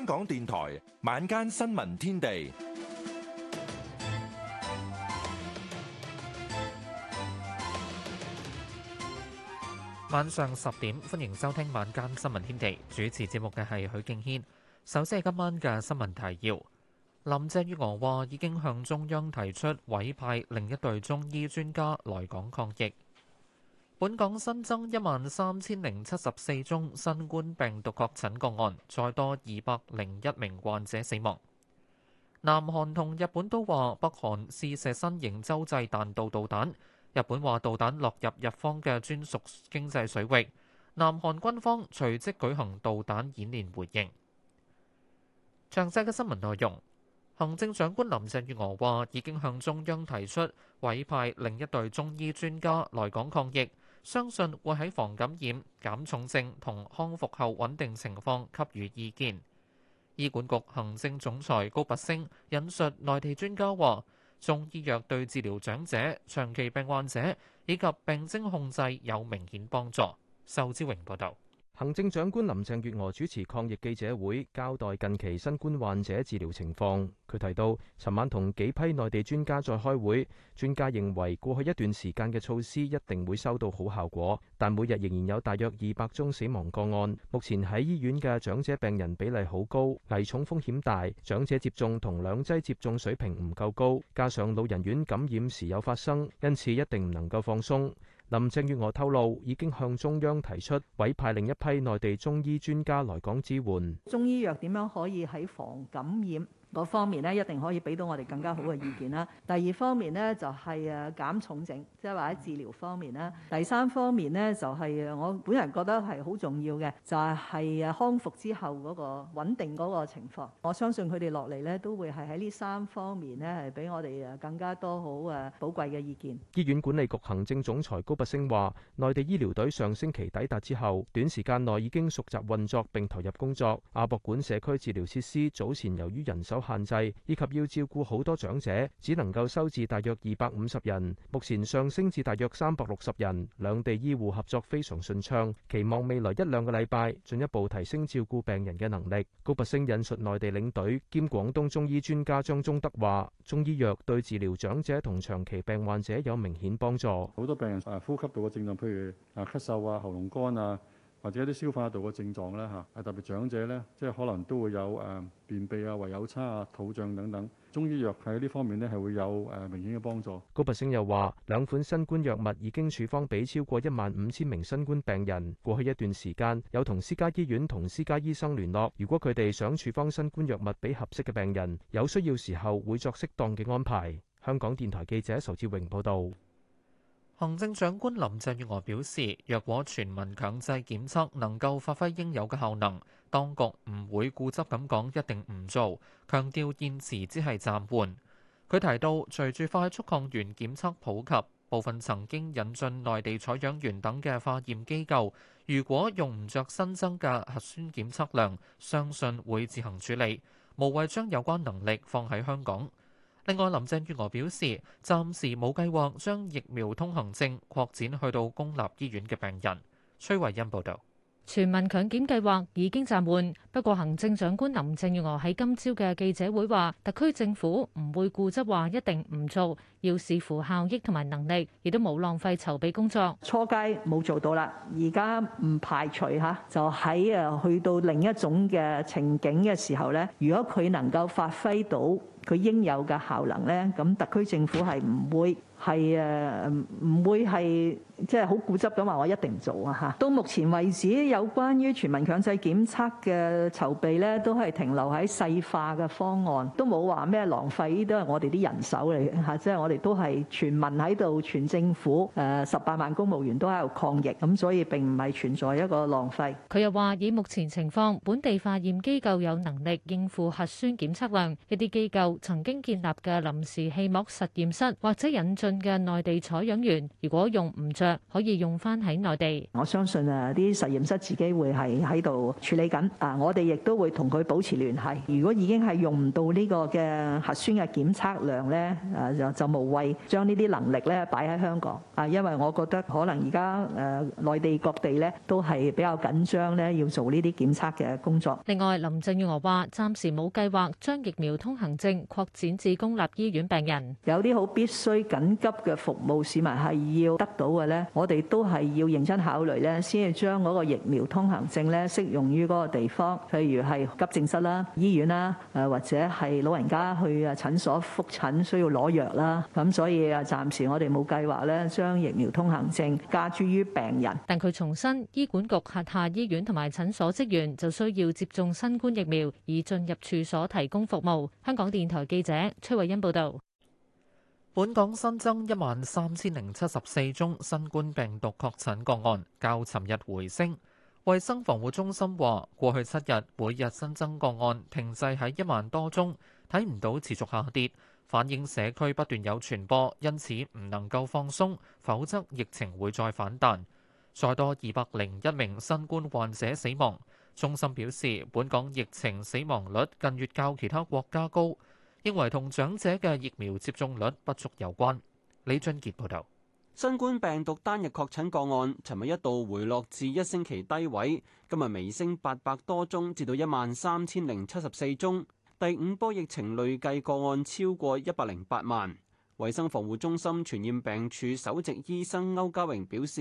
香港電台晚間新聞天地，晚上十點歡迎收聽晚間新聞天地。主持節目嘅係許敬軒。首先係今晚嘅新聞提要。林鄭月娥話已經向中央提出委派另一隊中醫專家來港抗疫。本港新增一萬三千零七十四宗新冠病毒確診個案，再多二百零一名患者死亡。南韓同日本都話北韓試射新型洲際彈道導彈，日本話導彈落入日方嘅專屬經濟水域，南韓軍方隨即舉行導彈演練回應。詳細嘅新聞內容，行政長官林鄭月娥話已經向中央提出委派另一隊中醫專家來港抗疫。相信會喺防感染、減重症同康復後穩定情況給予意見。醫管局行政總裁高拔昇引述內地專家話，中醫藥對治療長者、長期病患者以及病徵控制有明顯幫助。仇志榮報導。行政長官林鄭月娥主持抗疫記者會，交代近期新冠患者治療情況。佢提到，尋晚同幾批內地專家在開會，專家認為過去一段時間嘅措施一定會收到好效果，但每日仍然有大約二百宗死亡個案。目前喺醫院嘅長者病人比例好高，危重風險大，長者接種同兩劑接種水平唔夠高，加上老人院感染時有發生，因此一定唔能夠放鬆。林鄭月娥透露，已經向中央提出委派另一批內地中醫專家來港支援。中醫藥點樣可以喺防感染嗰方面呢，一定可以俾到我哋更加好嘅意見啦。第二方面呢，就係誒減重症，即係或者治療方面啦。第三方面呢，就係、是、我本人覺得係好重要嘅，就係係誒康復之後嗰個穩定嗰個情況。我相信佢哋落嚟呢，都會係喺呢三方面呢，係俾我哋誒更加多好誒寶貴嘅意見。醫院管理局行政總裁高拔昇話，內地醫療隊上星期抵達之後，短時間內已經熟習運作並投入工作。亞博館社區治療設施早前由於人手限制以及要照顧好多長者，只能夠收治大約二百五十人，目前上升至大約三百六十人。兩地醫護合作非常順暢，期望未來一兩個禮拜進一步提升照顧病人嘅能力。高拔星引述內地領隊兼廣東中醫專家張忠德話：中醫藥對治療長者同長期病患者有明顯幫助。好多病人呼吸道嘅症狀，譬如啊，咳嗽啊，喉嚨乾啊。或者一啲消化道嘅症狀咧嚇，係特別長者咧，即係可能都會有誒便秘啊、胃有差啊、肚脹等等。中醫藥喺呢方面咧係會有誒明顯嘅幫助。高拔昇又話：兩款新冠藥物已經處方俾超過一萬五千名新冠病人。過去一段時間有同私家醫院同私家醫生聯絡，如果佢哋想處方新冠藥物俾合適嘅病人，有需要時候會作適當嘅安排。香港電台記者仇志榮報道。行政長官林鄭月娥表示，若果全民強制檢測能夠發揮應有嘅效能，當局唔會固執咁講一定唔做，強調現時只係暫緩。佢提到，隨住快速抗原檢測普及，部分曾經引進內地採樣員等嘅化驗機構，如果用唔着新增嘅核酸檢測量，相信會自行處理，無謂將有關能力放喺香港。另外，林鄭月娥表示，暫時冇計劃將疫苗通行證擴展去到公立醫院嘅病人。崔慧欣報道，全民強檢計劃已經暫緩，不過行政長官林鄭月娥喺今朝嘅記者會話，特區政府唔會固執話一定唔做。要視乎效益同埋能力，亦都冇浪費籌備工作。初階冇做到啦，而家唔排除嚇，就喺誒去到另一種嘅情景嘅時候咧，如果佢能夠發揮到佢應有嘅效能咧，咁特區政府係唔會係誒唔會係即係好固執咁話我一定唔做啊嚇。到目前為止，有關於全民強制檢測嘅籌備咧，都係停留喺細化嘅方案，都冇話咩浪費，都係我哋啲人手嚟嘅嚇，即係我。我哋都係全民喺度，全政府誒十八萬公務員都喺度抗疫，咁所以並唔係存在一個浪費。佢又話：以目前情況，本地化驗機構有能力應付核酸檢測量，一啲機構曾經建立嘅臨時氣膜實驗室，或者引進嘅內地採樣員，如果用唔著，可以用翻喺內地。我相信啊啲實驗室自己會係喺度處理緊，啊，我哋亦都會同佢保持聯繫。如果已經係用唔到呢個嘅核酸嘅檢測量咧，誒就就冇。為將呢啲能力咧擺喺香港啊，因為我覺得可能而家誒內地各地咧都係比較緊張咧，要做呢啲檢測嘅工作。另外，林鄭月娥話暫時冇計劃將疫苗通行證擴展至公立醫院病人。有啲好必須緊急嘅服務市民係要得到嘅咧，我哋都係要認真考慮咧，先至將嗰個疫苗通行證咧適用於嗰個地方，譬如係急症室啦、醫院啦，誒或者係老人家去啊診所複診需要攞藥啦。咁所以啊，暫時我哋冇計劃咧，將疫苗通行證加諸於病人。但佢重申，醫管局轄下醫院同埋診所職員就需要接種新冠疫苗，以進入處所提供服務。香港電台記者崔慧欣報道，本港新增一萬三千零七十四宗新冠病毒確診個案，較尋日回升。衛生防護中心話，過去七日每日新增個案停滯喺一萬多宗，睇唔到持續下跌。反映社區不斷有傳播，因此唔能夠放鬆，否則疫情會再反彈。再多二百零一名新冠患者死亡，中心表示，本港疫情死亡率近月較其他國家高，認為同長者嘅疫苗接種率不足有關。李俊傑報導，新冠病毒單日確診個案，尋日一度回落至一星期低位，今日微升八百多宗，至到一萬三千零七十四宗。第五波疫情累計個案超過一百零八萬，衞生防護中心傳染病處首席醫生歐家榮表示，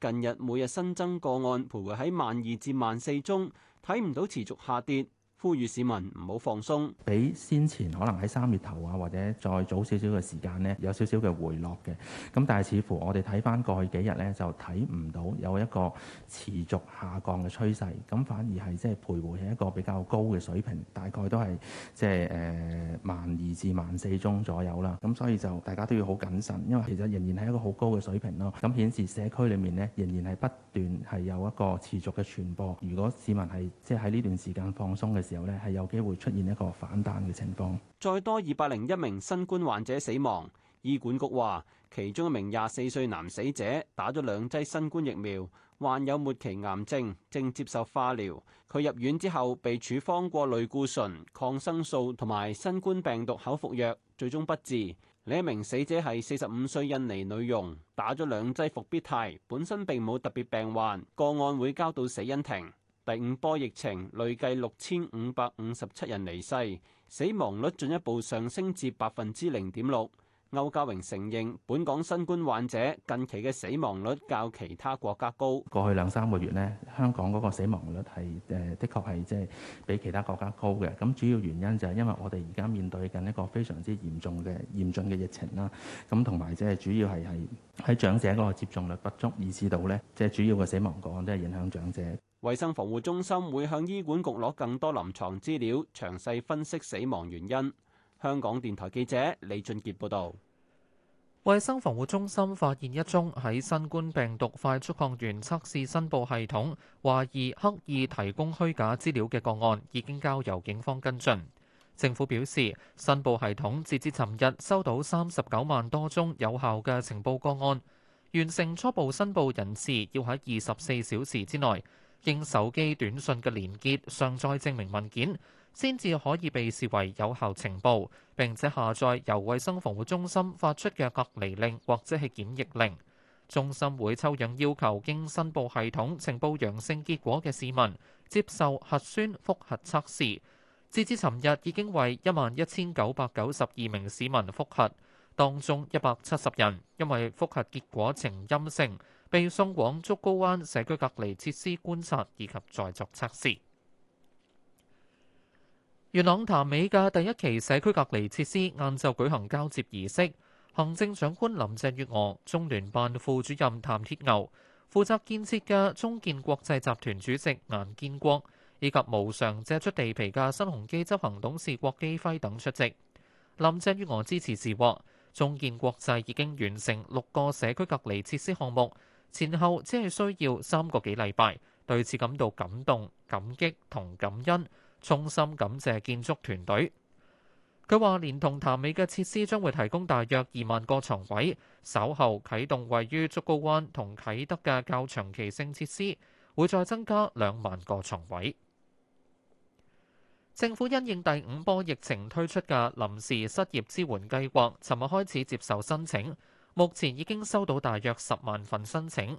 近日每日新增個案徘徊喺萬二至萬四宗，睇唔到持續下跌。呼籲市民唔好放鬆，比先前可能喺三月頭啊，或者再早少少嘅時間呢，有少少嘅回落嘅。咁但係似乎我哋睇翻過去幾日呢，就睇唔到有一個持續下降嘅趨勢。咁反而係即係徘徊喺一個比較高嘅水平，大概都係即係誒萬二至萬四宗左右啦。咁所以就大家都要好謹慎，因為其實仍然係一個好高嘅水平咯。咁顯示社區裏面呢，仍然係不斷係有一個持續嘅傳播。如果市民係即係喺呢段時間放鬆嘅時候呢，係有機會出現一個反彈嘅情況。再多二百零一名新冠患者死亡，醫管局話，其中一名廿四歲男死者打咗兩劑新冠疫苗，患有末期癌症，正接受化療。佢入院之後被處方過類固醇、抗生素同埋新冠病毒口服藥，最終不治。另一名死者係四十五歲印尼女傭，打咗兩劑復必泰，本身並冇特別病患。個案會交到死因庭。第五波疫情累計六千五百五十七人離世，死亡率進一步上升至百分之零點六。歐家榮承認，本港新冠患者近期嘅死亡率較其他國家高。過去兩三個月呢，香港嗰個死亡率係誒，的確係即係比其他國家高嘅。咁主要原因就係因為我哋而家面對緊一個非常之嚴重嘅嚴峻嘅疫情啦。咁同埋即係主要係係喺長者嗰個接種率不足以，以致到咧即係主要嘅死亡個案都係影響長者。衛生防護中心會向醫管局攞更多臨床資料，詳細分析死亡原因。香港電台記者李俊杰報道。衛生防護中心發現一宗喺新冠病毒快速抗原測試申報系統懷疑刻意提供虛假資料嘅個案，已經交由警方跟進。政府表示，申報系統截至尋日收到三十九萬多宗有效嘅情報個案，完成初步申報人士要喺二十四小時之內。應手機短信嘅連結上載證明文件，先至可以被視為有效情報。並且下載由衛生防護中心發出嘅隔離令或者係檢疫令。中心會抽樣要求經申報系統呈報陽性結果嘅市民接受核酸複核測試。截至尋日，已經為一萬一千九百九十二名市民複核，當中一百七十人因為複核結果呈陰性。被送往竹篙灣社區隔離設施觀察以及再作測試。元朗潭尾嘅第一期社區隔離設施晏晝舉行交接儀式，行政長官林鄭月娥、中聯辦副主任譚鐵牛、負責建設嘅中建國際集團主席顏建國以及無償借出地皮嘅新鴻基執行董事郭基輝等出席。林鄭月娥支持時話：中建國際已經完成六個社區隔離設施項目。前後只係需要三個幾禮拜，對此感到感動、感激同感恩，衷心感謝建築團隊。佢話：連同潭尾嘅設施，將會提供大約二萬個床位；稍後啟動位於竹篙灣同啟德嘅較長期性設施，會再增加兩萬個床位。政府因應第五波疫情推出嘅臨時失業支援計劃，尋日開始接受申請。目前已經收到大約十萬份申請。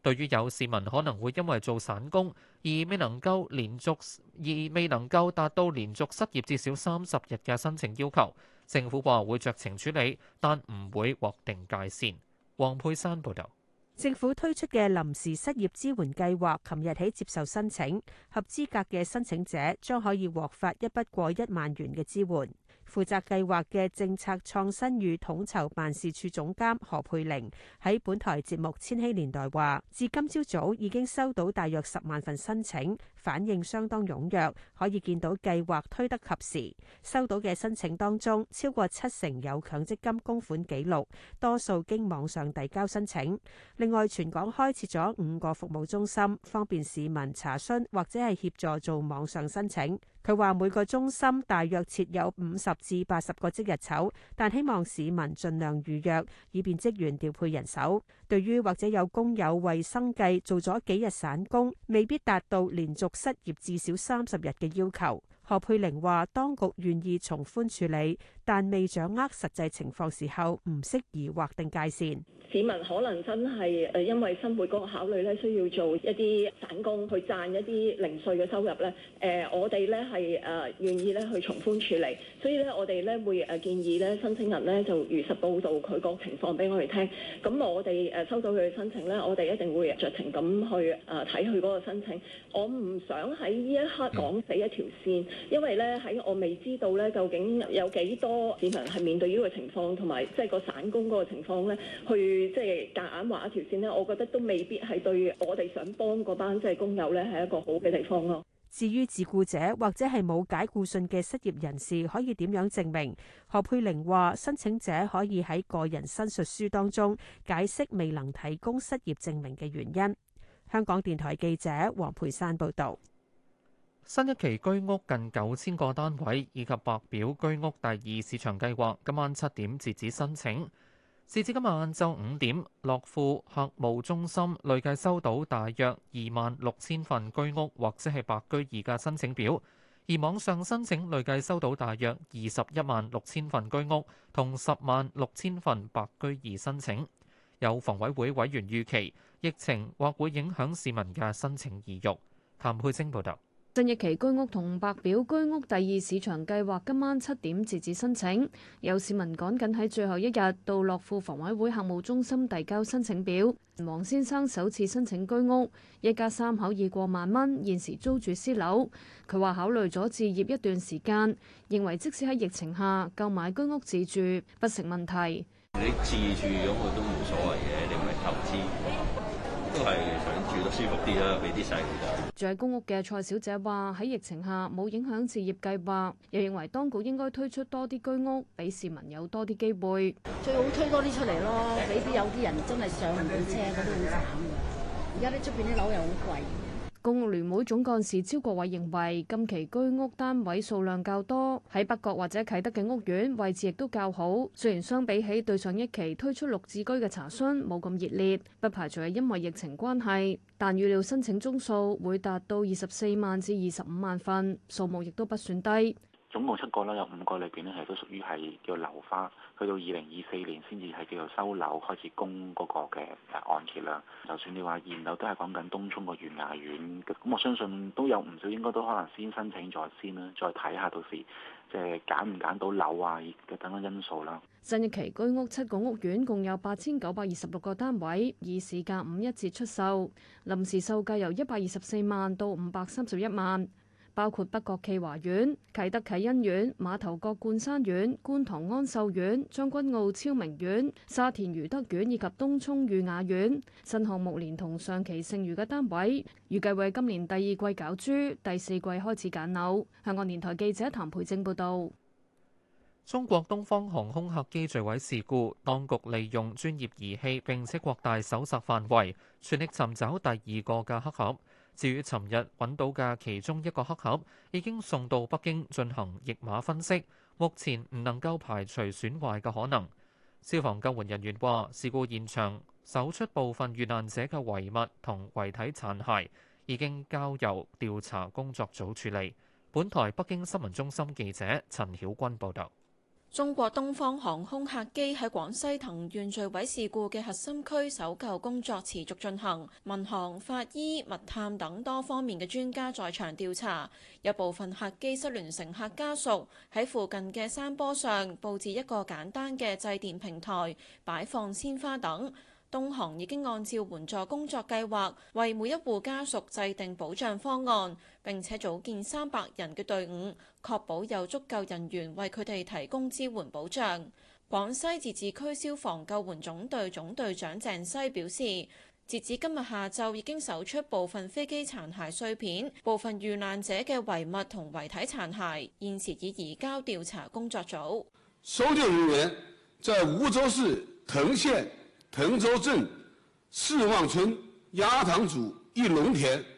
對於有市民可能會因為做散工而未能夠連續而未能夠達到連續失業至少三十日嘅申請要求，政府話會酌情處理，但唔會劃定界線。黃佩珊報導。政府推出嘅臨時失業支援計劃，琴日起接受申請，合資格嘅申請者將可以獲發一筆過一萬元嘅支援。負責計劃嘅政策創新與統籌辦事處總監何佩玲喺本台節目《千禧年代》話，至今朝早，早已經收到大約十萬份申請，反應相當踊躍，可以見到計劃推得及時。收到嘅申請當中，超過七成有強積金供款紀錄，多數經網上遞交申請。另外，全港開設咗五個服務中心，方便市民查詢或者係協助做網上申請。佢話每個中心大約設有五十至八十個即日籌，但希望市民盡量預約，以便職員調配人手。對於或者有工友為生計做咗幾日散工，未必達到連續失業至少三十日嘅要求，何佩玲話當局願意從寬處理。但未掌握實際情況時候，唔適宜劃定界綫，市民可能真係誒因為生活嗰個考慮咧，需要做一啲散工去賺一啲零碎嘅收入咧。誒、呃、我哋咧係誒願意咧去從寬處理，所以咧我哋咧會誒建議咧申請人咧就如實報道佢個情況俾我哋聽，咁我哋誒收到佢嘅申請咧，我哋一定會酌情咁去誒睇佢嗰個申請，我唔想喺呢一刻講死一條綫，因為咧喺我未知道咧究竟有幾多。市民係面對呢個情況，同埋即係個散工嗰個情況咧，去即係夾硬畫一條線呢，我覺得都未必係對我哋想幫嗰班即係工友咧係一個好嘅地方咯。至於自雇者或者係冇解雇信嘅失業人士可以點樣證明？何佩玲話：申請者可以喺個人申述書當中解釋未能提供失業證明嘅原因。香港電台記者黃培山報導。新一期居屋近九千個單位，以及白表居屋第二市場計劃，今晚七點截止申請。截至今晚晏晝五點，樂富客務中心累計收到大約二萬六千份居屋或者係白居二嘅申請表，而網上申請累計收到大約二十一萬六千份居屋同十萬六千份白居二申請。有房委會委員預期疫情或會影響市民嘅申請意欲。譚佩晶報導。新日期居屋同白表居屋第二市場計劃今晚七點截止申請，有市民趕緊喺最後一日到樂富房委會客務中心遞交申請表。王先生首次申請居屋，一家三口，已過萬蚊，現時租住私樓。佢話考慮咗置業一段時間，認為即使喺疫情下購買居屋自住不成問題。你自住咁，佢都冇所謂嘅，你唔係投資都係。舒服啲啦，俾啲細。住喺公屋嘅蔡小姐話：喺疫情下冇影響置業計劃，又認為當局應該推出多啲居屋，俾市民有多啲機會。最好推多啲出嚟咯，俾啲有啲人真係上唔到車，佢都好慘嘅。而家啲出邊啲樓又好貴。公屋聯會總幹事招國偉認為，近期居屋單位數量較多，喺北角或者啟德嘅屋苑位置亦都較好。雖然相比起對上一期推出六字居嘅查詢冇咁熱烈，不排除係因為疫情關係，但預料申請宗數會達到二十四萬至二十五萬份，數目亦都不算低。總共七個啦，有五個裏邊咧係都屬於係叫樓花，去到二零二四年先至係叫做收樓開始供嗰個嘅按揭啦。就算你話現樓都係講緊東涌個懸崖苑，咁我相信都有唔少，應該都可能先申請再先啦，再睇下到時即係揀唔揀到樓啊等等因素啦。新一期居屋七個屋苑共有八千九百二十六個單位，以市價五一折出售，臨時售價由一百二十四萬到五百三十一萬。包括北角暨華苑、啟德啟欣苑、馬頭角冠山苑、觀塘安秀苑、將軍澳超明苑、沙田如德苑以及東涌裕雅苑。新項目連同上期剩餘嘅單位，預計為今年第二季攪珠，第四季開始揀樓。香港電台記者譚培正報道。中國東方航空客機墜毀事故，當局利用專業儀器並且擴大搜索範圍，全力尋找第二個嘅黑盒。至於尋日揾到嘅其中一個黑盒，已經送到北京進行疫碼分析，目前唔能夠排除損壞嘅可能。消防救援人員話，事故現場，搜出部分遇難者嘅遺物同遺體殘骸，已經交由調查工作組處理。本台北京新聞中心記者陳曉君報道。中國東方航空客機喺廣西藤縣墜毀事故嘅核心區搜救工作持續進行，民航、法醫、物探等多方面嘅專家在場調查。有部分客機失聯乘客家屬喺附近嘅山坡上布置一個簡單嘅祭奠平台，擺放鮮花等。東航已經按照援助工作計劃，為每一戶家屬制定保障方案。並且組建三百人嘅隊伍，確保有足夠人員為佢哋提供支援保障。廣西自治區消防救援總隊總隊長鄭西表示，截至今日下晝，已經搜出部分飛機殘骸碎片、部分遇難者嘅遺物同遺體殘骸，現時已移交調查工作組。搜救人員在梧州市藤縣藤州鎮四望村鴨塘組一農田。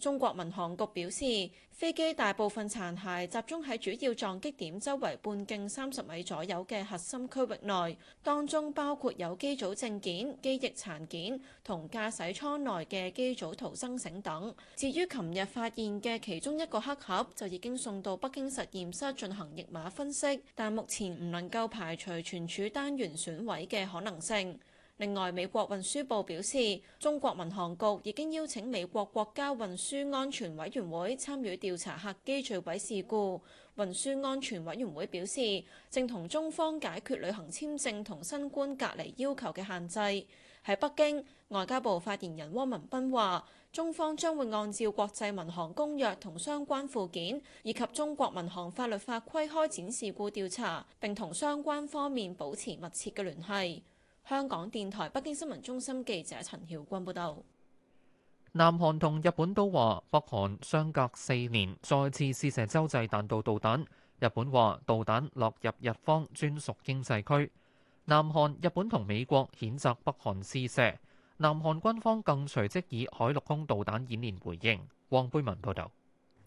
中國民航局表示，飛機大部分殘骸集中喺主要撞擊點周圍半徑三十米左右嘅核心區域內，當中包括有機組證件、機翼殘件同駕駛艙內嘅機組逃生繩等。至於琴日發現嘅其中一個黑盒，就已經送到北京實驗室進行譯碼分析，但目前唔能夠排除存儲單元損毀嘅可能性。另外，美國運輸部表示，中國民航局已經邀請美國國家運輸安全委員會參與調查客機墜毀事故。運輸安全委員會表示，正同中方解決旅行簽證同新冠隔離要求嘅限制。喺北京，外交部發言人汪文斌話，中方將會按照國際民航公約同相關附件，以及中國民航法律法規開展事故調查，並同相關方面保持密切嘅聯繫。香港電台北京新聞中心記者陳曉君報道：南韓同日本都話北韓相隔四年再次試射洲際彈道導彈，日本話導彈落入日方專屬經濟區。南韓、日本同美國譴責北韓試射，南韓軍方更隨即以海陸空導彈演練回應。黃貝文報道。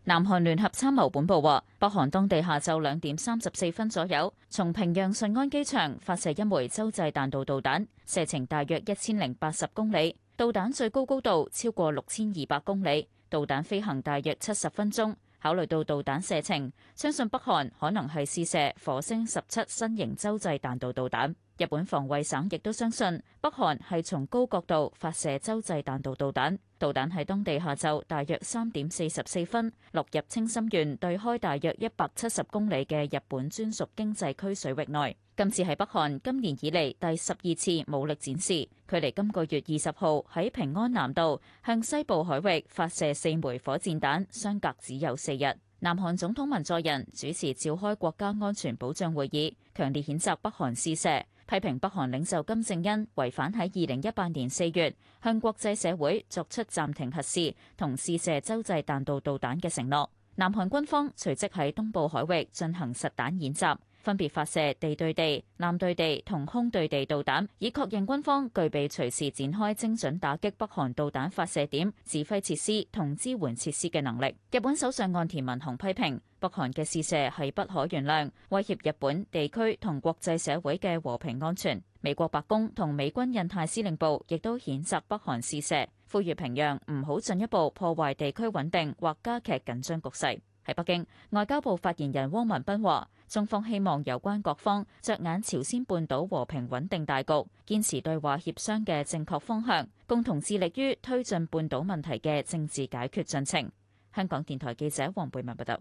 南韓聯合參謀本部話，北韓當地下晝兩點三十四分左右，從平壤順安機場發射一枚洲際彈道導彈，射程大約一千零八十公里，導彈最高高度超過六千二百公里，導彈飛行大約七十分鐘。考慮到導彈射程，相信北韓可能係試射火星十七新型洲際彈道導彈。日本防衛省亦都相信，北韓係從高角度發射洲際彈道導彈，導彈喺當地下晝大約三點四十四分落入青森縣對開大約一百七十公里嘅日本專屬經濟區水域內。今次係北韓今年以嚟第十二次武力展示，距離今個月二十號喺平安南道向西部海域發射四枚火箭彈，相隔只有四日。南韓總統文在寅主持召開國家安全保障會議，強烈譴責北韓試射。批評北韓領袖金正恩違反喺二零一八年四月向國際社會作出暫停核試同試射洲際彈道導彈嘅承諾，南韓軍方隨即喺東部海域進行實彈演習。分別發射地對地、艦對地同空對地導彈，以確認軍方具備隨時展開精準打擊北韓導彈發射點、指揮設施同支援設施嘅能力。日本首相岸田文雄批評北韓嘅試射係不可原諒，威脅日本地區同國際社會嘅和平安全。美國白宮同美軍印太司令部亦都譴責北韓試射，呼籲平壤唔好進一步破壞地區穩定或加劇緊張局勢。喺北京，外交部發言人汪文斌話，中方希望有關各方着眼朝鮮半島和平穩定大局，堅持對話協商嘅正確方向，共同致力於推進半島問題嘅政治解決進程。香港電台記者黃貝文報道。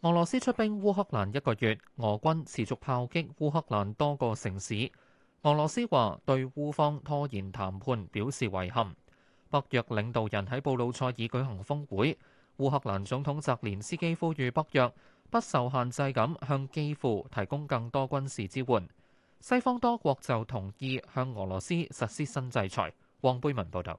俄羅斯出兵烏克蘭一個月，俄軍持續炮擊烏克蘭多個城市。俄羅斯話對烏方拖延談判表示遺憾。北約領導人喺布魯塞爾舉行峰會。烏克蘭總統澤連斯基呼籲北約不受限制咁向基輔提供更多軍事支援。西方多國就同意向俄羅斯實施新制裁。黃貝文報道，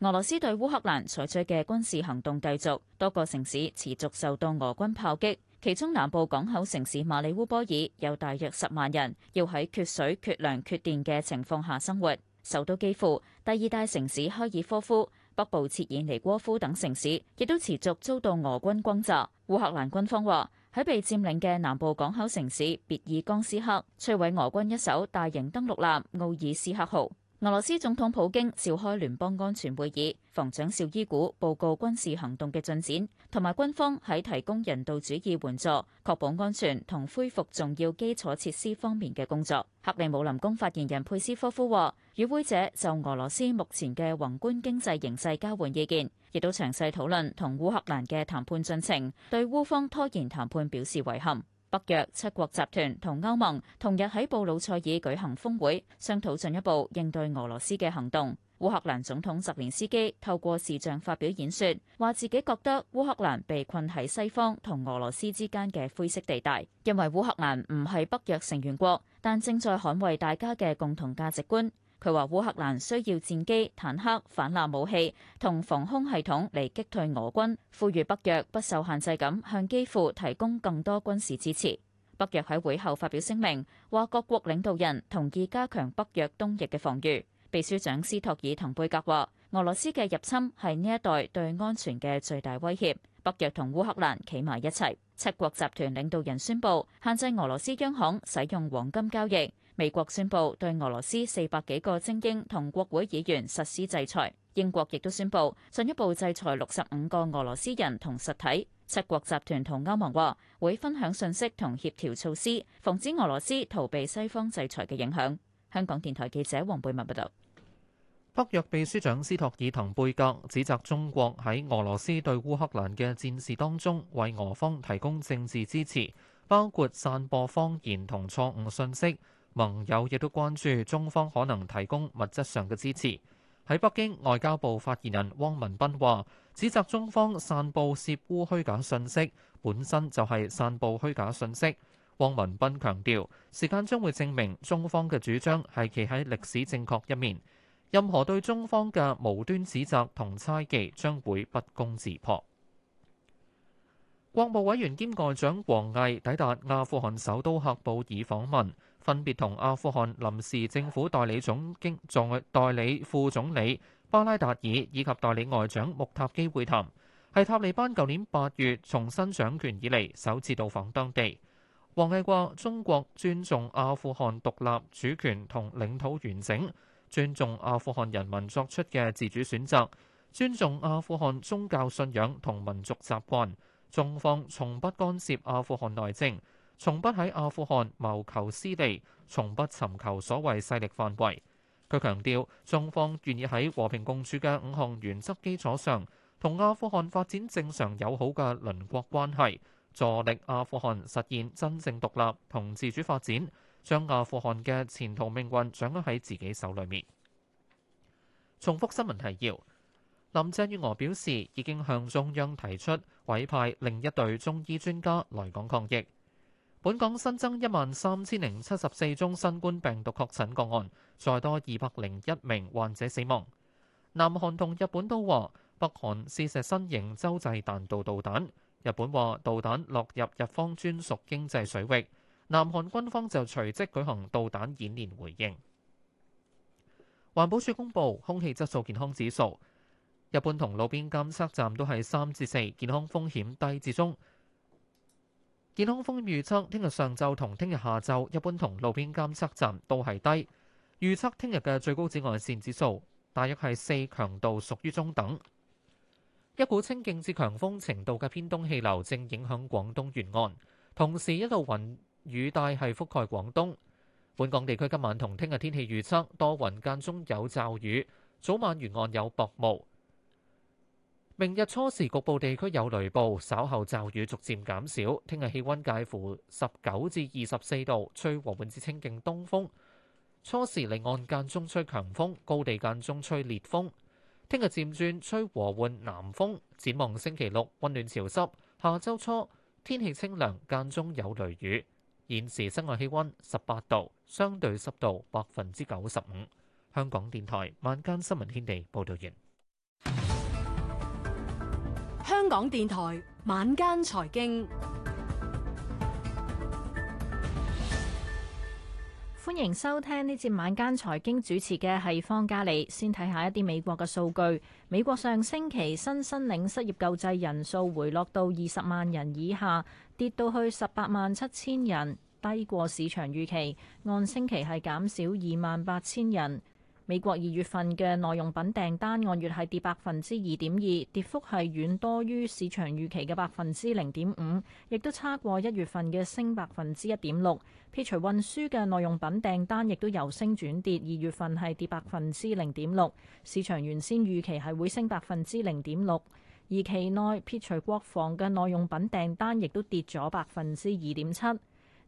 俄羅斯對烏克蘭採取嘅軍事行動繼續，多個城市持續受到俄軍炮擊，其中南部港口城市馬里烏波爾有大約十萬人要喺缺水、缺糧、缺電嘅情況下生活，受到基輔第二大城市哈爾科夫，北部切爾尼戈夫等城市亦都持續遭到俄軍轟炸。烏克蘭軍方話喺被佔領嘅南部港口城市別爾江斯克，摧毀俄軍一艘大型登陸艦奧爾斯克號。俄羅斯總統普京召開聯邦安全會議，防長紹伊古報告軍事行動嘅進展，同埋軍方喺提供人道主義援助、確保安全同恢復重要基礎設施方面嘅工作。克里姆林宮發言人佩斯科夫話，與會者就俄羅斯目前嘅宏觀經濟形勢交換意見，亦都詳細討論同烏克蘭嘅談判進程，對烏方拖延談判表示遺憾。北約七國集團同歐盟同日喺布魯塞爾舉行峰會，商討進一步應對俄羅斯嘅行動。烏克蘭總統澤連斯基透過視像發表演說，話自己覺得烏克蘭被困喺西方同俄羅斯之間嘅灰色地帶，因為烏克蘭唔係北約成員國，但正在捍衛大家嘅共同價值觀。佢話：烏克蘭需要戰機、坦克、反艦武器同防空系統嚟擊退俄軍，呼籲北約不受限制咁向基輔提供更多軍事支持。北約喺會後發表聲明，話各國領導人同意加強北約東翼嘅防禦。秘書長斯托爾滕貝格話：俄羅斯嘅入侵係呢一代對安全嘅最大威脅。北約同烏克蘭企埋一齊。七國集團領導人宣布限制俄羅斯央行使用黃金交易。美國宣布對俄羅斯四百幾個精英同國會議員實施制裁。英國亦都宣布進一步制裁六十五個俄羅斯人同實體。七國集團同歐盟話會分享信息同協調措施，防止俄羅斯逃避西方制裁嘅影響。香港電台記者黃貝文報道，北約秘書長斯托爾滕貝格指責中國喺俄羅斯對烏克蘭嘅戰事當中為俄方提供政治支持，包括散播謊言同錯誤信息。盟友亦都關注中方可能提供物質上嘅支持。喺北京，外交部發言人汪文斌話：指責中方散佈涉烏虛假信息，本身就係散佈虛假信息。汪文斌強調，時間將會證明中方嘅主張係企喺歷史正確一面。任何對中方嘅無端指責同猜忌將會不攻自破。國務委員兼外長王毅抵達阿富汗首都喀布爾訪問。分別同阿富汗臨時政府代理總經助代理副總理巴拉達爾以及代理外長穆塔基會談，係塔利班舊年八月重新掌權以嚟首次到訪當地。王毅話：中國尊重阿富汗獨立主權同領土完整，尊重阿富汗人民作出嘅自主選擇，尊重阿富汗宗教信仰同民族習慣，中方從不干涉阿富汗內政。從不喺阿富汗謀求私利，從不尋求所謂勢力範圍。佢強調，中方願意喺和平共處嘅五項原則基礎上，同阿富汗發展正常友好嘅鄰國關係，助力阿富汗實現真正獨立同自主發展，將阿富汗嘅前途命運掌握喺自己手裏面。重複新聞提要：林鄭月娥表示已經向中央提出委派另一隊中醫專家來港抗疫。本港新增一萬三千零七十四宗新冠病毒確診個案，再多二百零一名患者死亡。南韓同日本都話北韓試射新型洲際彈道導彈，日本話導彈落入日方專屬經濟水域，南韓軍方就隨即舉行導彈演練回應。環保署公布空氣質素健康指數，日本同路邊監測站都係三至四，4，健康風險低至中。健康風險預測，聽日上晝同聽日下晝，一般同路邊監測站都係低。預測聽日嘅最高紫外線指數，大約係四強度，屬於中等。一股清勁至強風程度嘅偏東氣流正影響廣東沿岸，同時一道雲雨帶係覆蓋廣東。本港地區今晚同聽日天氣預測，多雲間中有驟雨，早晚沿岸有薄霧。明日初時局部地區有雷暴，稍後驟雨逐漸減,減少。聽日氣温介乎十九至二十四度，吹和緩至清勁東風。初時離岸間中吹強風，高地間中吹烈風。聽日漸轉吹和緩南風。展望星期六温暖潮濕，下周初天氣清涼，間中有雷雨。現時室外氣温十八度，相對濕度百分之九十五。香港電台晚間新聞天地，報道完。香港電台晚間財經，歡迎收聽呢節晚間財經，主持嘅，係方嘉莉。先睇下一啲美國嘅數據，美國上星期新申領失業救濟人數回落到二十萬人以下，跌到去十八萬七千人，低過市場預期，按星期係減少二萬八千人。美國二月份嘅耐用品訂單按月係跌百分之二點二，跌幅係遠多於市場預期嘅百分之零點五，亦都差過一月份嘅升百分之一點六。撇除運輸嘅耐用品訂單亦都由升轉跌，二月份係跌百分之零點六，市場原先預期係會升百分之零點六。而期內撇除國防嘅耐用品訂單亦都跌咗百分之二點七。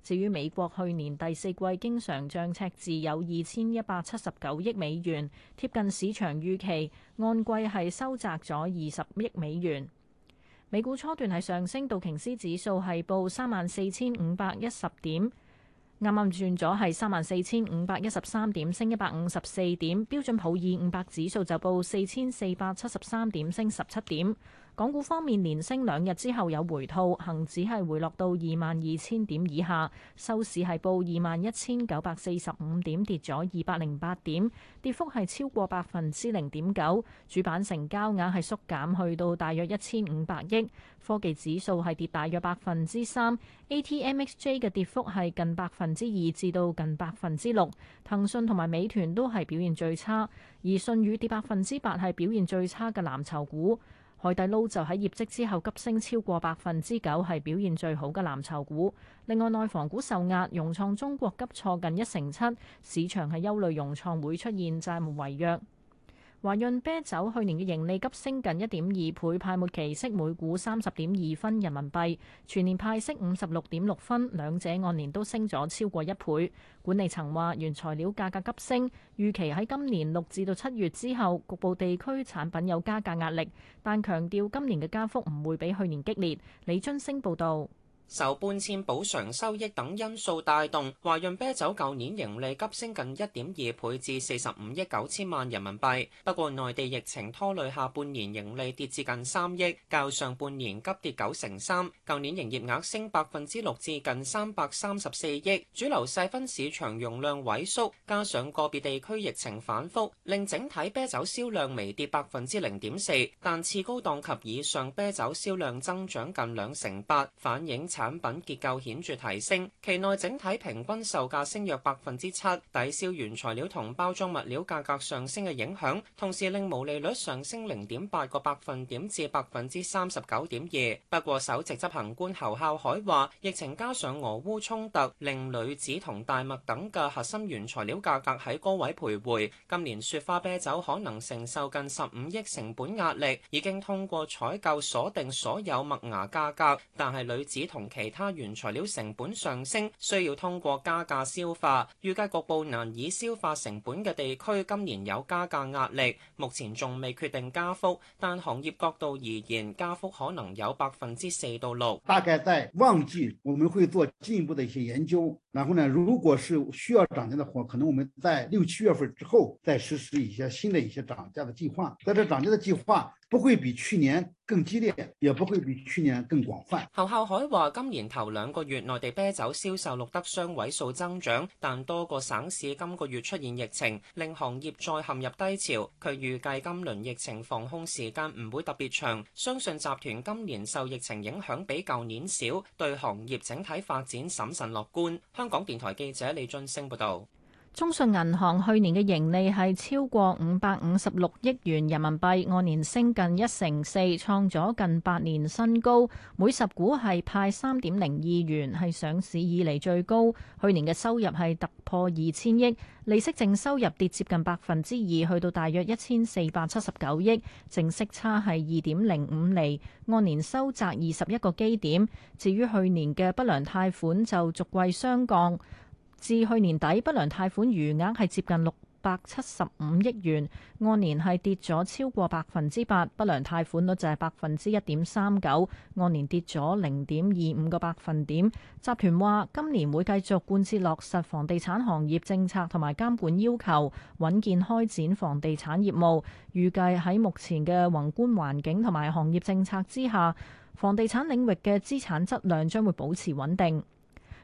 至於美國去年第四季經常帳赤字有二千一百七十九億美元，貼近市場預期。按季係收窄咗二十億美元。美股初段係上升，道瓊斯指數係報三萬四千五百一十點，啱啱轉咗係三萬四千五百一十三點，升一百五十四點。標準普爾五百指數就報四千四百七十三點，升十七點。港股方面，連升兩日之後有回吐，恒指係回落到二萬二千點以下，收市係報二萬一千九百四十五點，跌咗二百零八點，跌幅係超過百分之零點九。主板成交額係縮減去到大約一千五百億。科技指數係跌大約百分之三，A T M X J 嘅跌幅係近百分之二至到近百分之六。騰訊同埋美團都係表現最差，而信宇跌百分之八，係表現最差嘅藍籌股。海底撈就喺業績之後急升超過百分之九，係表現最好嘅藍籌股。另外，內房股受壓，融創中國急挫近一成七，市場係憂慮融創會出現債務違約。華潤啤酒去年嘅盈利急升近一點二倍，派末期息每股三十點二分人民幣，全年派息五十六點六分，兩者按年都升咗超過一倍。管理層話原材料價格急升，預期喺今年六至到七月之後，局部地區產品有加價壓力，但強調今年嘅加幅唔會比去年激烈。李津星報道。受搬遷補償收益等因素帶動，華潤啤酒舊年盈利急升近一點二倍至四十五億九千萬人民幣。不過，內地疫情拖累下半年盈利跌至近三億，較上半年急跌九成三。舊年營業額升百分之六至近三百三十四億，主流細分市場容量萎縮，加上個別地區疫情反覆，令整體啤酒銷量微跌百分之零點四，但次高檔及以上啤酒銷量增長近兩成八，反映產品結構顯著提升，期內整體平均售價升約百分之七，抵消原材料同包裝物料價格上升嘅影響，同時令毛利率上升零點八個百分點至百分之三十九點二。不過，首席執行官侯孝海話，疫情加上俄烏衝突，令鋁紙同大麥等嘅核心原材料價格喺高位徘徊。今年雪花啤酒可能承受近十五億成本壓力，已經通過採購鎖定所有麥芽價格，但係鋁紙同。其他原材料成本上升，需要通過加價消化。預計局部難以消化成本嘅地區，今年有加價壓力。目前仲未決定加幅，但行業角度而言，加幅可能有百分之四到六。大概在旺季，我們會做進一步的一些研究。然後呢，如果是需要漲價的話，可能我們在六七月份之後再實施一些新的一些漲價的計劃。在這漲價的計劃。不會比去年更激烈，也不會比去年更廣泛。侯孝海話：今年頭兩個月內地啤酒銷售錄得雙位數增長，但多個省市今個月出現疫情，令行業再陷入低潮。佢預計今輪疫情防控時間唔會特別長，相信集團今年受疫情影響比舊年少，對行業整體發展審慎樂觀。香港電台記者李俊升報道。中信銀行去年嘅盈利係超過五百五十六億元人民幣，按年升近一成四，創咗近八年新高。每十股係派三點零二元，係上市以嚟最高。去年嘅收入係突破二千億，利息淨收入跌接近百分之二，去到大約一千四百七十九億，淨息差係二點零五厘，按年收窄二十一個基點。至於去年嘅不良貸款就逐季雙降。至去年底，不良貸款餘額係接近六百七十五億元，按年係跌咗超過百分之八，不良貸款率就係百分之一點三九，按年跌咗零點二五個百分點。集團話今年會繼續貫徹落實房地產行業政策同埋監管要求，穩健開展房地產業務，預計喺目前嘅宏觀環境同埋行業政策之下，房地產領域嘅資產質量將會保持穩定。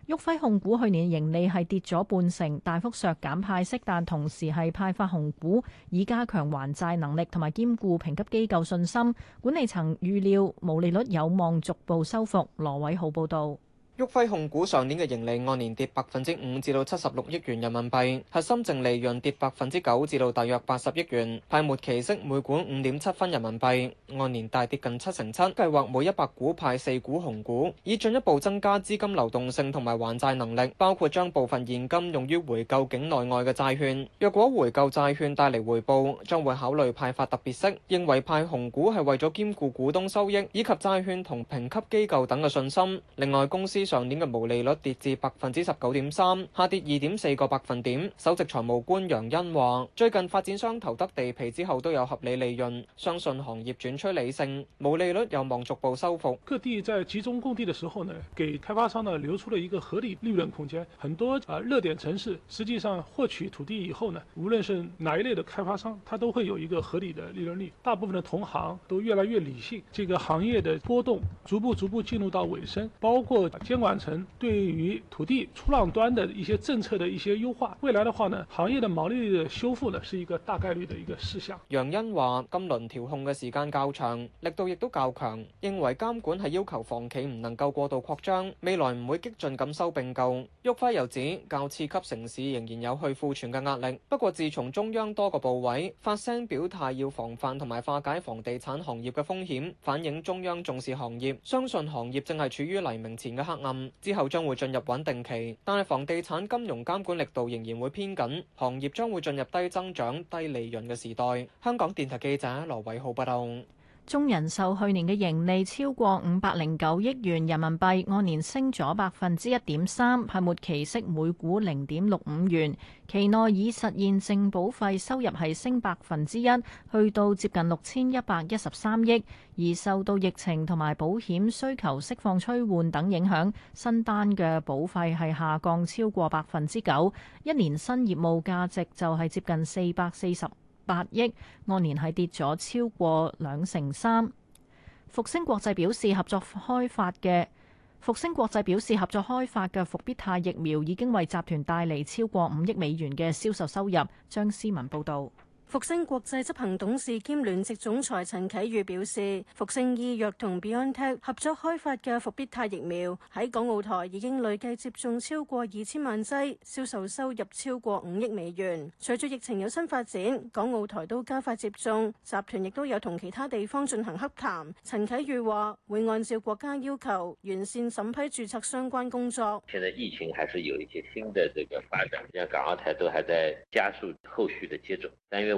旭輝控股去年盈利係跌咗半成，大幅削減派息，但同時係派發紅股，以加強還債能力同埋兼顧評級機構信心。管理層預料毛利率有望逐步收復。羅偉浩報道。旭輝控股上年嘅盈利按年跌百分之五，至到七十六億元人民幣，核心淨利潤跌百分之九，至到大約八十億元。派末期息每股五點七分人民幣，按年大跌近七成七。計劃每一百股派四股紅股，以進一步增加資金流動性同埋還債能力，包括將部分現金用於回購境內外嘅債券。若果回購債券帶嚟回報，將會考慮派發特別息。認為派紅股係為咗兼顧股東收益以及債券同評級機構等嘅信心。另外，公司。上年嘅毛利率跌至百分之十九點三，下跌二點四個百分點。首席財務官楊恩話，最近發展商投得地皮之後都有合理利潤，相信行業轉趨理性，毛利率有望逐步收復。各地在集中供地嘅時候呢，給開發商呢留出了一個合理利潤空間。很多啊熱點城市，實際上獲取土地以後呢，無論是哪一類的開發商，它都會有一個合理的利潤率。大部分的同行都越來越理性，這個行業嘅波動逐步,逐步逐步進入到尾聲，包括完成對於土地出讓端的一些政策的一些優化，未來的話呢，行業的毛利率修復呢是一個大概率的一個事項。楊欣話：今輪調控嘅時間較長，力度亦都較強，認為監管係要求房企唔能夠過度擴張，未來唔會激進咁收併購。旭輝又指，較次級城市仍然有去庫存嘅壓力，不過自從中央多個部委發聲表態，要防範同埋化解房地產行業嘅風險，反映中央重視行業，相信行業正係處於黎明前嘅黑暗。之後將會進入穩定期，但係房地產金融監管力度仍然會偏緊，行業將會進入低增長、低利潤嘅時代。香港電台記者羅偉浩報道。中人壽去年嘅盈利超過五百零九億元人民幣，按年升咗百分之一點三，係末期息每股零點六五元。期內已實現淨保費收入係升百分之一，去到接近六千一百一十三億。而受到疫情同埋保險需求釋放催換等影響，新單嘅保費係下降超過百分之九，一年新業務價值就係接近四百四十八億，按年係跌咗超過兩成三。復星國際表示合作開發嘅復星國際表示合作開發嘅復必泰疫苗已經為集團帶嚟超過五億美元嘅銷售收入。張思文報導。復星國際執行董事兼聯席總裁陳啟宇表示，復星醫藥同 BioNTech 合作開發嘅復必泰疫苗喺港澳台已經累計接種超過二千萬劑，銷售收入超過五億美元。隨住疫情有新發展，港澳台都加快接種，集團亦都有同其他地方進行洽談。陳啟宇話：會按照國家要求，完善審批註冊相關工作。現在疫情還是有一些新的這個發展，像港澳台都還在加速後續的接種。但因為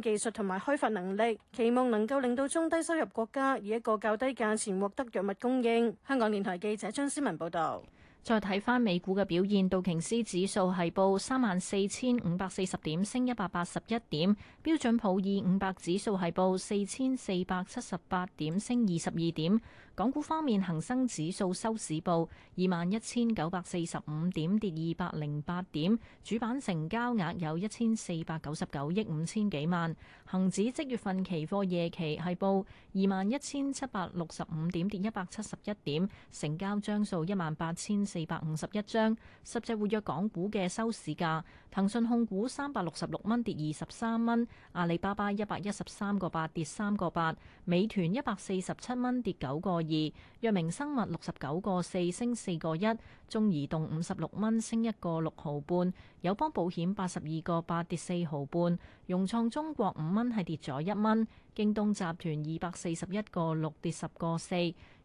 技術同埋開發能力，期望能夠令到中低收入國家以一個較低價錢獲得藥物供應。香港電台記者張思文報道。再睇翻美股嘅表現，道瓊斯指數係報三萬四千五百四十點，升一百八十一點；標準普爾五百指數係報四千四百七十八點，升二十二點。港股方面，恒生指數收市報二萬一千九百四十五點，跌二百零八點。主板成交額有一千四百九十九億五千幾萬。恒指即月份期貨夜期係報二萬一千七百六十五點，跌一百七十一點，成交張數一萬八千四百五十一張。十隻活躍港股嘅收市價。騰訊控股三百六十六蚊，跌二十三蚊；阿里巴巴一百一十三個八，跌三個八；美團一百四十七蚊，跌九個二；藥明生物六十九個四，升四個一；中移動五十六蚊，升一個六毫半；友邦保險八十二個八，跌四毫半；融創中國五蚊，係跌咗一蚊；京東集團二百四十一個六，跌十個四；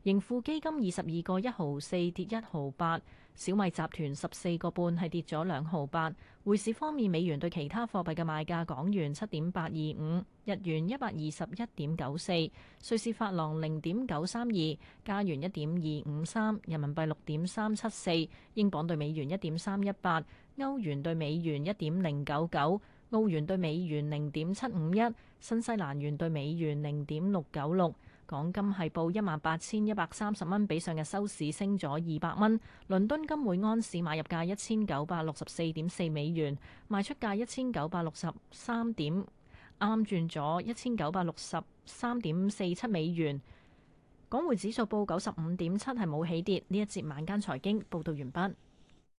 盈富基金二十二個一毫四，跌一毫八。小米集團十四個半係跌咗兩毫八。匯市方面，美元對其他貨幣嘅賣價：港元七點八二五，日元一百二十一點九四，瑞士法郎零點九三二，加元一點二五三，人民幣六點三七四，英鎊對美元一點三一八，歐元對美元一點零九九，澳元對美元零點七五一，新西蘭元對美元零點六九六。港金係報一萬八千一百三十蚊，比上日收市升咗二百蚊。倫敦金每安士買入價一千九百六十四點四美元，賣出價一千九百六十三點，啱啱轉咗一千九百六十三點四七美元。港匯指數報九十五點七，係冇起跌。呢一節晚間財經報道完畢。